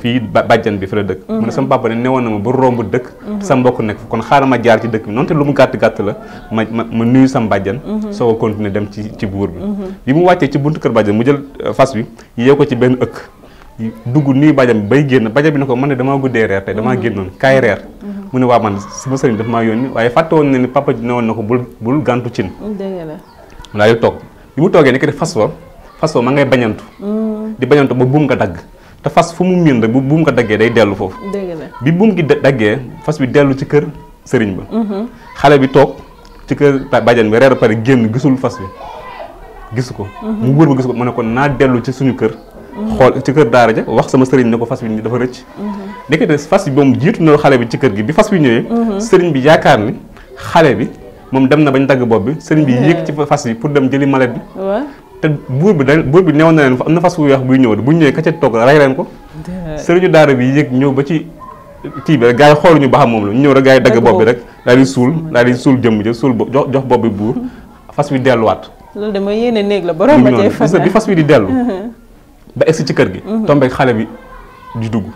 S2: fi badjan bi fi la dekk mune ne sama papa ne newon na ma bu rombu dekk sama bokku nek fa kon xaarama jaar ci dekk bi noonu te lu mu gatt gatt la ma ma nuyu sama badjan mhm. so ko continuer dem ci ci bour bi mhm. bi mu wacce ci buntu keur badjan mu jël euh, fas bi yew ko ci ben euk dugg nuyu badjan bay genn badjan bi ne man dama damaa guddee reer tey damaa mhm. génnoon kay reer mune ne man sama serigne daf maa yónni waaye fàtte ni papa newon nako bul bul gàntu cin la yu tok bi mu toge ni ke fas wa fas wa ma ngay bañantu
S1: mm.
S3: di
S2: bañantu ba buum nga dag te fas fu mu min rek bu buum ko daggee day dellu foofu. bi mu gi daggee fas bi dellu ci kër sëriñ ba. Mm-hmm. xale bi tok ci kër bàjjan bi reer pare génn gisul fas bi gisuko mm-hmm. ko. mu wër ba mané ko na ne ci suñu kër.
S3: Mm-hmm. xol
S2: ci kër daara ja wax sama sëriñ ne ko fas bi ni dafa rëcc. ndekete fas bi bom jitu na xale bi ci kër gi bi fas bi ñëwee. sëriñ bi yaakaar ni xale bi mom dem na bañ dag bopp bi sëriñ bi yek ci fas bi pour dem jëli malade bi. te buur bi da buur bi newoon na leen am na fas wu weex buy ñëw bu ñu ñëwee ka ca toog rey leen ko sëriñu daara bi yëg ñëw ba ci kii bi rek gars yi xooluñu ba xam moom la ñu ñëw rek gaa yi dagg bopp bi rek daa di suul mm-hmm. daa di suul jëmm ja suul jox jox bopp bi buur mm-hmm. fas wi delluwaat
S1: loolu de mooy yéene néeg la borom ba tey bi fas wi di dellu mm-hmm.
S2: ba egsi ci kër gi tombeek xale bi di dugg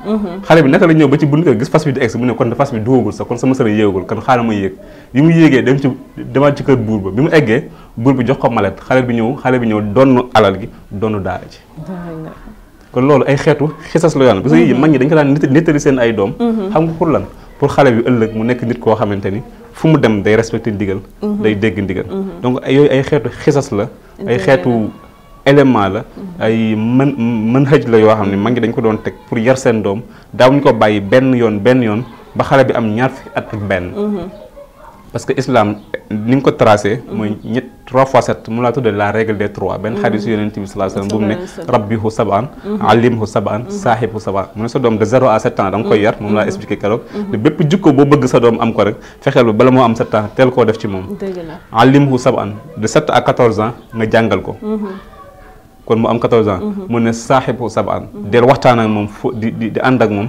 S2: xale bi naka la ñëw ba ci bunt kër gis fas bi di egg mu ne kon fas bi duggagul sax kon sama sëriñ yéegagul kon xaaral yéeg bi mu yéegee dem ci demaat ci kër buur ba bi mu eggee buur bi jox ko malet xale bi ñëw xale bi ñëw donn alal gi donn daara ji kon loolu koo xamante ni fu mu dem day respecté ndigal mhm. day mhm. ay xeetu xisas la ay xeetu élément la ay mën mën xëj la yoo xam ne ma ngi dañ ko doon teg pour yar seen doom daa daawuñ ko bàyyi benn yoon benn yoon ba xale bi am ñaar fi at benn mhm. parce que islam ni nga ko tracé mooy ñett trois fois sept mu laa tuddee la règle des trois benn mhm. xadis yonent bi sallallahu mhm. sa doom de zéro à sept ans nga koy yar moom laa expliqué keroog te bépp jikko boo bëgg sa doom am ko rek fexeel ba bala moo am sept ans teel koo def ci moom allimhu sab'an de sept à quatorze ans nga jàngal ko kon mu am 14 ans. Mm-hmm. mu ne saaxibu sabaan mm-hmm. del waxtaan ak moom fo di di ànd ak moom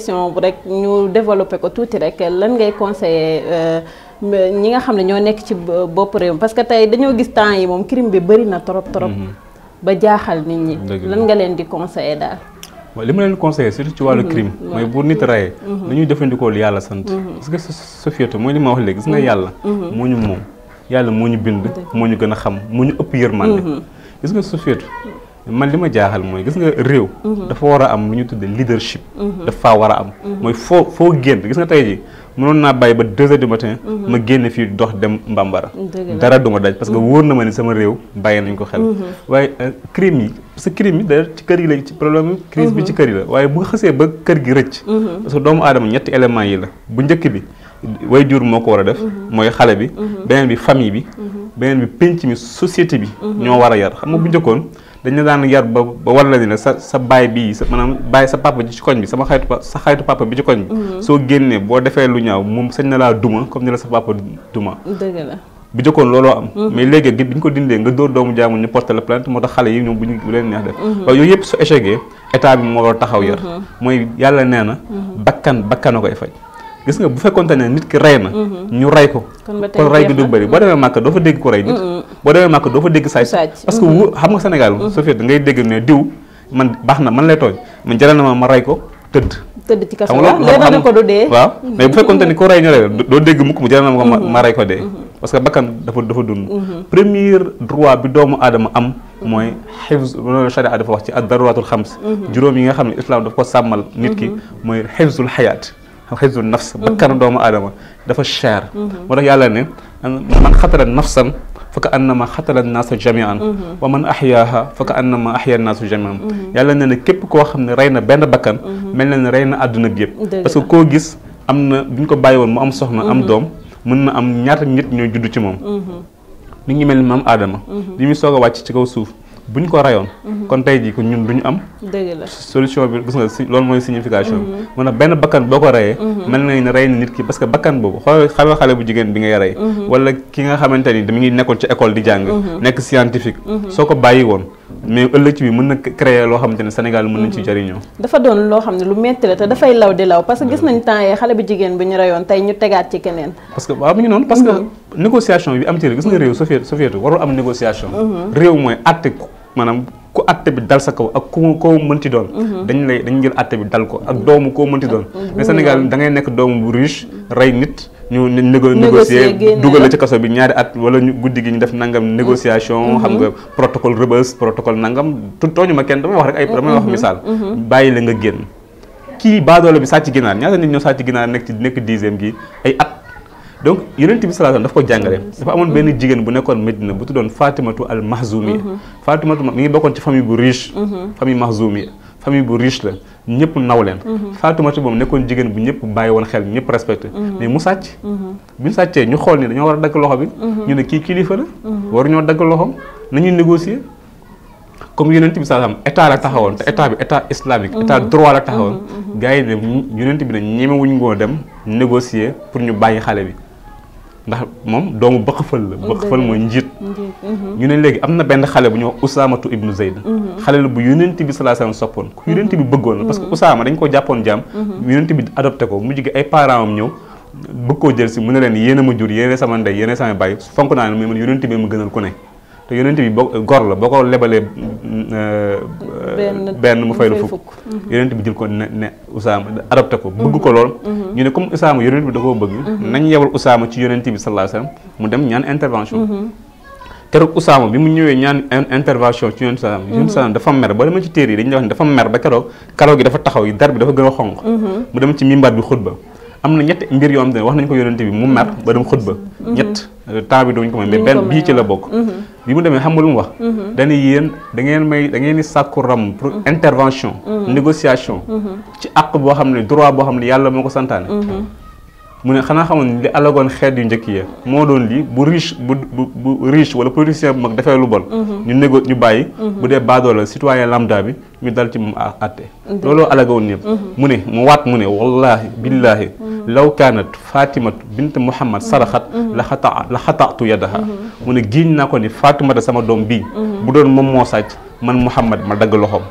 S1: question bu rek ñu développé ko tuuti rek lan ngay conseiller euh, ñi nga xam ne ñoo nekk ci bopp réew parce que tey dañoo gis temps yi moom crime bi bëri na trop trop.
S3: Mm-hmm.
S1: ba jaaxal nit ñi. lan nga leen di conseiller daal.
S2: waaw li ma leen conseillé surtout ci wàllu mm-hmm. crime mooy bu nit rayee dañuy mm-hmm. jëfandikoo yàlla sant parce que mooy li ma wax léegi gis nga yàlla moo ñu moom yàlla moo ñu bind moo ñu gën a xam moo ñu ëpp yërmande gis nga société man li ma jaaxal mooy gis nga réew. Mhm. dafa war a am lu ñu tuddee leadership. Mhm. dafa war a am. Mhm. mooy foo foo génn gis nga tey jii mënoon naa bàyyi ba deux heures du matin. ma génn fii dox dem Mbambara. dara duma ma daj parce que wóor na ma ni sama réew bàyyi nañ ko xel. waaye euh, crime yi parce que crime yi d'ailleurs ci kër yi la ci problème crise ci kër yi la waaye bu xasee ba kër gi rëcc. parce que doomu aadama ñetti éléments yi la bu njëkk bi way jur moo ko war a def. mooy xale bi. bi famille bi. beneen bi penc mi société bi. ñoo war a yar xam nga bu njëkkoon. dañ la daan yar ba ba war la ni la sa sa baay bii sa maanaam baay sa papa ji ci koñ bi sama xaytu sa xaytu papa bi ci koñ bi mhm. soo génnee boo defee lu ñaaw moom sañ na laa duma comme ni la sa papa duma dëgg la bu jëkkoon looloo am mhm. mais léegi bi ñu ko dindee nga dóor doomu jaamu ñu porté la plainte moo tax xale yi ñoom bu ñu bu leen neex def mhm. waaye yooyu yëpp su échecgee état bi moo taxaw yar mooy yàlla nee na bakkan bakkana koy faj gis nga bu fekkonte ne nit ki rey na mhm. ñu rey ko
S3: kon rey bi boo
S2: demee màkk ko doo fa dégg mhm. sàcc parce que wu xam nga Sénégal mhm. Sophie da ngay dégg ne diw man baax na man lay tooñ man jaral ma ma rey ko tëdd
S1: tëdd ci kaso waaw mais bu fekkonte
S2: ni ko rey ñu rey doo dégg mukk mu jaral na ma rey ko dee parce que bakkan dafa dund premier droit bi doomu aadama am mooy xifz loolu dafa wax ci ad daruratul xams juróom yi nga xam ne islam daf ko sàmmal nit ki mooy xifdu nafs bakkanu doomu aadama dafa cher moo tax yàlla ne man xatala nafsan fa ka annama xatala naasa jamian wa man axyaaha fa ka annama axya naasu jamian yàlla ne ne képp koo xam ne rey na benn bakkan mel na ne rey na àdduna bi yëpp parce que koo gis am na bu ñu ko bàyyi woon mu am soxna am doom mën na am ñaata nit ñooy judd ci moom ni ngi mel ni maam aadama li muy soog a wàcc ci kaw suuf bu ñu ko rayoon. Mhm. kon tey jii ko ñun du ñu am. dëgg la solution bi gis nga si loolu mooy signification bi. Mhm. mu ne benn boo ko rayee. Mhm. mel nañ ne rey na nit ki parce que bakkan boobu xool xame xale bu bi ngay rey. wala ki nga xamante ni ngi nekkoon ci di jàng. nekk scientifique. soo ko bàyyi woon mais ëllëg ci bi mën na créer loo xamante nañ ci jëriñoo.
S1: dafa doon loo xam ne lu metti la te dafay law di gis nañ temps bi ñu rayoon tey ñu tegaat ci keneen.
S2: parce que waaw mu ngi noonu parce que négociation bi am nga réew société société warul am négociation réew mooy àtte maanaam ku àtte bi dal sa kaw ak ku koo mënti doon mhm. dañ lay dañ jël àtte bi dal ko ak doomu koo mënti doon mhm. mais Sénégal mhm. da nekk doomu bu riche rey nit ñu négo négocier dugal la ci kaso bi ñaari at wala ñu guddi gi ñu def nangam négociation xam nga protocole Rebeuss protocole nangam tu tooñu ma kenn damay wax rek ay damay wax misaal bàyyi la nga génn kii baadoole bi sàcc ginaar ñaata nit ñoo sàcc ginaar nekk ci gi ay at donc yonent bi sallallahu alayhi wasallam ko jàngale mm-hmm. dafa amoon benn jigéen bu nekkoon Medina bu tuddoon Fatimatu al Mahzumi mm-hmm. Fatimatu mi ngi bokkoon ci famille bu riche mm-hmm. famille Mahzumi famille bu riche la ñëpp naw leen Fatimatu moom nekkoon jigéen bu ñëpp bàyyi woon xel ñëpp respecté mais mu sàcc bi sàccee ñu xool ni dañoo war a dagg loxo bi ñu ne kii kilifa la waru ñoo dagg loxom nañuy négocier comme yonent bi sallallahu alayhi état la taxawoon te état bi état islamique état droit la taxawoon gars yi ne yonent bi ne ñemewuñ ngoo dem négocier pour ñu bàyyi xale bi ndax moom doomu bëqfal la bëqfal mooy njiit
S3: mhm. ñu
S2: ne léegi am na benn xale bu ñuy wax usaamatu ibnu zayd mhm. xale la bu yonent bi salaa salaam soppoon ku mhm. yonent bi bëggoon la parce que usaama dañ koo jàppoon jaam yonent bi adopté ko mu jige ay parents am ñëw bëgg koo jël si mu ne leen yéen a ma jur yéen sama ndey yéen sama baay fonk naa ne muy man yonent bi ma gënal ku ne te yonent bi boo gor la boo ko lebalee benn euh, mu fay lu fukk mm-hmm. yonent bi jël ko ne ne Usaama adopté ko bëgg ko mm-hmm. lool mm-hmm. ñu ne comme Usaama yonent bi da koo bëgg nañ yebal Usaama ci yonent bi sallallahu alayhi wasallam mu dem ñaan intervention keroog Usaama bi mu ñëwee ñaan intervention ci yoonu Salaam yoonu Salaam dafa mer ba dama ci téere yi dañuy wax ne dafa mer ba keroog karaw gi dafa taxaw yi dar bi dafa gën a xonq mu dem ci mimbar bi xutba am na ñett mbir yoo xam ne wax nañ ko yonente bi mu mer ba dem xutba ñett temps bi duñ ko may mais benn bii ci la bokk bi mu demee xam nga mu wax. Mhm. dañuy yéen da ngeen may da ngeen di sàkku ram pour mhm. intervention. Mhm. négociation. ci àq boo xam ne droit boo xam ne yàlla moo ko santaane. mu ne xanaa xamoon ne li alagoon xeet yu njëkk ya moo doon lii bu riche bu bu riche wala politicien bu mag dafay lu bon. Mhm. ñu négo ñu bàyyi. Mhm. bu dee baadoola citoyen lambda bi ñu dal ci moom àtte. looloo alagoon yëpp mhm. mu ne mu waat mu ne wallaahi billaahi. law kaanat Fatima bint Muhammad saraxat. la xata la xataatu yadaha mu ne giiñ naa ko ni Fatima da sama doom bii. bu doon moom moo sàcc man Muhammad ma dagg loxoom.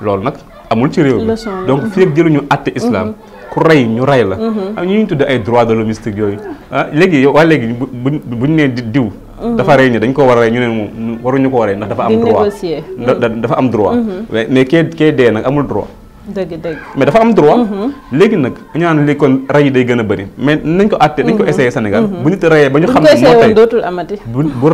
S2: loolu nag amul ci réew mi donc fii ak jëluñu àtte ku rey ñu rey la. am mhm. ah, ñu ñu tudd ay droits de l'homme yooyu ah léegi yow waa léegi buñ buñ nee diw. Mhm. dafa rey ñu dañ ko war a rey ñu ne moom waruñu ko rey ndax dafa am droit. dafa am droit. Mhm. mais kee kee dee nag amul droit. dëgg mais dafa am droit. Mhm. léegi nag ñu naan léegi kon rey day gën a bëri mais nañ ko àtte nañ ko mhm. essayé senegal mhm. bu nit reyee ba ñu xam ne moo tey dootul amati.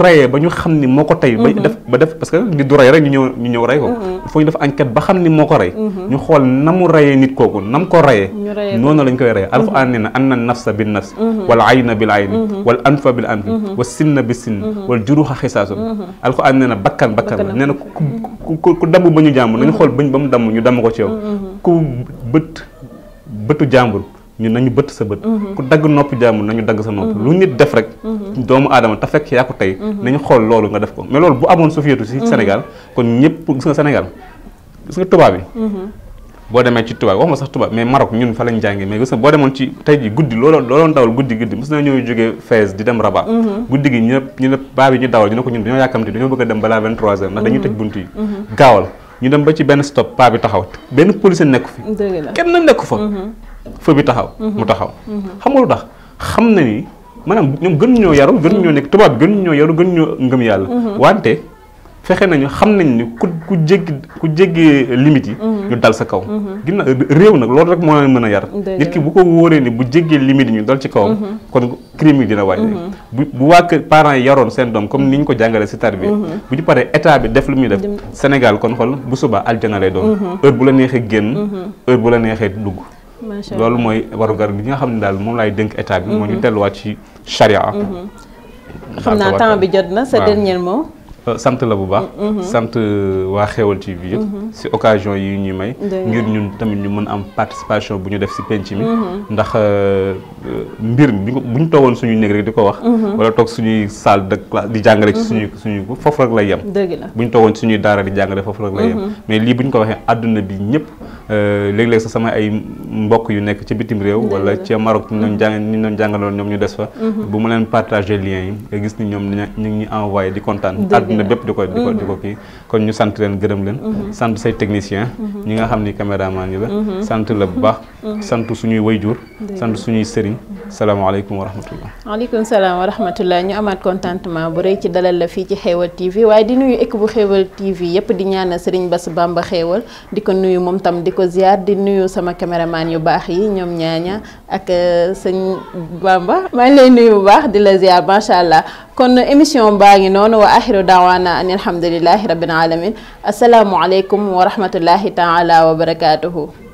S2: reyee ba ñu xam ni moo ko tey. ba def ba def parce que du rey rek ñu ñëw ñu ñëw rey ko. il faut ñu def enquête ba xam ni moo ko rey. ñu xool na mu reyee nit kooku nam ko reyee. noonu lañ koy reyee alxuraan nee na an na nafsa bil nafs. wal ayna bil ayni. wal anfa bil anfi. wal sinna bi sinn. wal juruha xisaasun. alxuraan nee na bakkan bakkan nee na
S3: ku
S2: ku ku damm ba ñu jàmm nañu xool bañ ba mu damm ñu damm ko ci yow ku bët bëtu jàmbur ñu nañu bëtt sa bët mhm. ku dagg nopp jàmbur nañu dagg sa nopp mhm. lu nit def rek mhm. doomu aadama te fekk yaa ko tey nañu xool loolu nga def ko mais loolu bu amoon sufietu si Sénégal kon ñëpp gis nga Sénégal gis nga tubaab bi boo demee ci tubaab waxuma sax tubaab mais Maroc ñun fa lañ jàngee mais gis nga boo demoon ci tey ji guddi looloo looloon dawal guddi guddi mos na ñooy jógee Fès di dem Rabat guddi gi ñu ne ñu ne baab yi ñu dawal ñu ne ko ñun dañoo yàkkamti dañoo bëgg a dem balaa 23 heures ndax dañuy tëj bunt yi gaawal ñu dem ba ci benn stop paa bi taxaw benn policier nekku fi.
S1: kenn nekku fa. Mhm.
S2: feu bi taxaw. Mhm. mu taxaw. Mhm. xam nga lu tax xam na ni maanaam ñoom gën ñoo yaru gën ñoo nekk tubaab bi gën ñoo yaru gën ñoo ngëm yàlla wante. fexe nañu xam nañ ni ku ku jéggi ku jéggi limites yi mhm. ñu dal sa kaw mhm. ginnaaw réew nag loolu rek moo mën a yar nit ki bu ko wóoree ni bu jéggee limites yi ñu dal ci kawam mhm. kon crime yi dina wàññi bu bu waa kër parents yaroon seen doom comme ni ñu ko jàngalee si tar bi bu ñu paree état bi def lu muy def Sénégal kon xool bu subaa aljana lay doon heure bu la neexee génn heure bu la neexee dugg loolu mooy warugar bi nga xam ne daal moom lay dénk état bi moo ñu dell ci charia
S1: xam
S2: Euh, sant la bu baax. Mm-hmm. Mm-hmm. sant euh, waa Xewal TV yëpp. Mm-hmm. si occasion yi ñuy may. ngir ñun tamit ñu mën am participation bu ñu def si penc mi. ndax euh, mbir mi bu ñu toogoon suñuy néeg di ko wax. wala toog suñuy salle de di jàngale ci suñuy suñuy foofu rek lay yem. dëgg la bu ñu toogoon suñuy daara di jàngale foofu rek lay yem. mais lii buñ ko waxee àdduna bi ñëpp. Euh, léeg-léeg sa sama ay mbokk yu nekk ci bitim réew wala ca Maroc ñu doon mhm. jàng ñu jàngaloon ñoom ñu des fa mhm. bu ma leen partagé liens yi nga gis ni ñoom ñu ngi ñu envoyé di kontaan àdduna bépp di ko di ko di ko mhm. kii kon ñu sant leen gërëm leen sant say technicien ñi nga xam ni caméraman yi la sant la bu baax sant suñuy wayjur sant suñuy sëriñ salaamaaleykum wa rahmatullah
S1: waaleykum salaam wa rahmatullah ñu amaat contentement bu rëy ci dalal la fii ci xéewal TV waaye di nuyu équipe bu xéewal TV yépp di ñaanal sëriñ Bass Bamba xéewal di ko nuyu moom tam di ko ziar di nuyu sama caméraman yu baax yi ñoom ñaaña ak sëñ Bamba maa ngi lay nuyu bu baax di la ziar macha allah kon émission baa ngi noonu wa axiru daawaana an alhamdulilahi rabbil alamin asalaamualeykum wa rahmatullahi taala wa barakaatuhu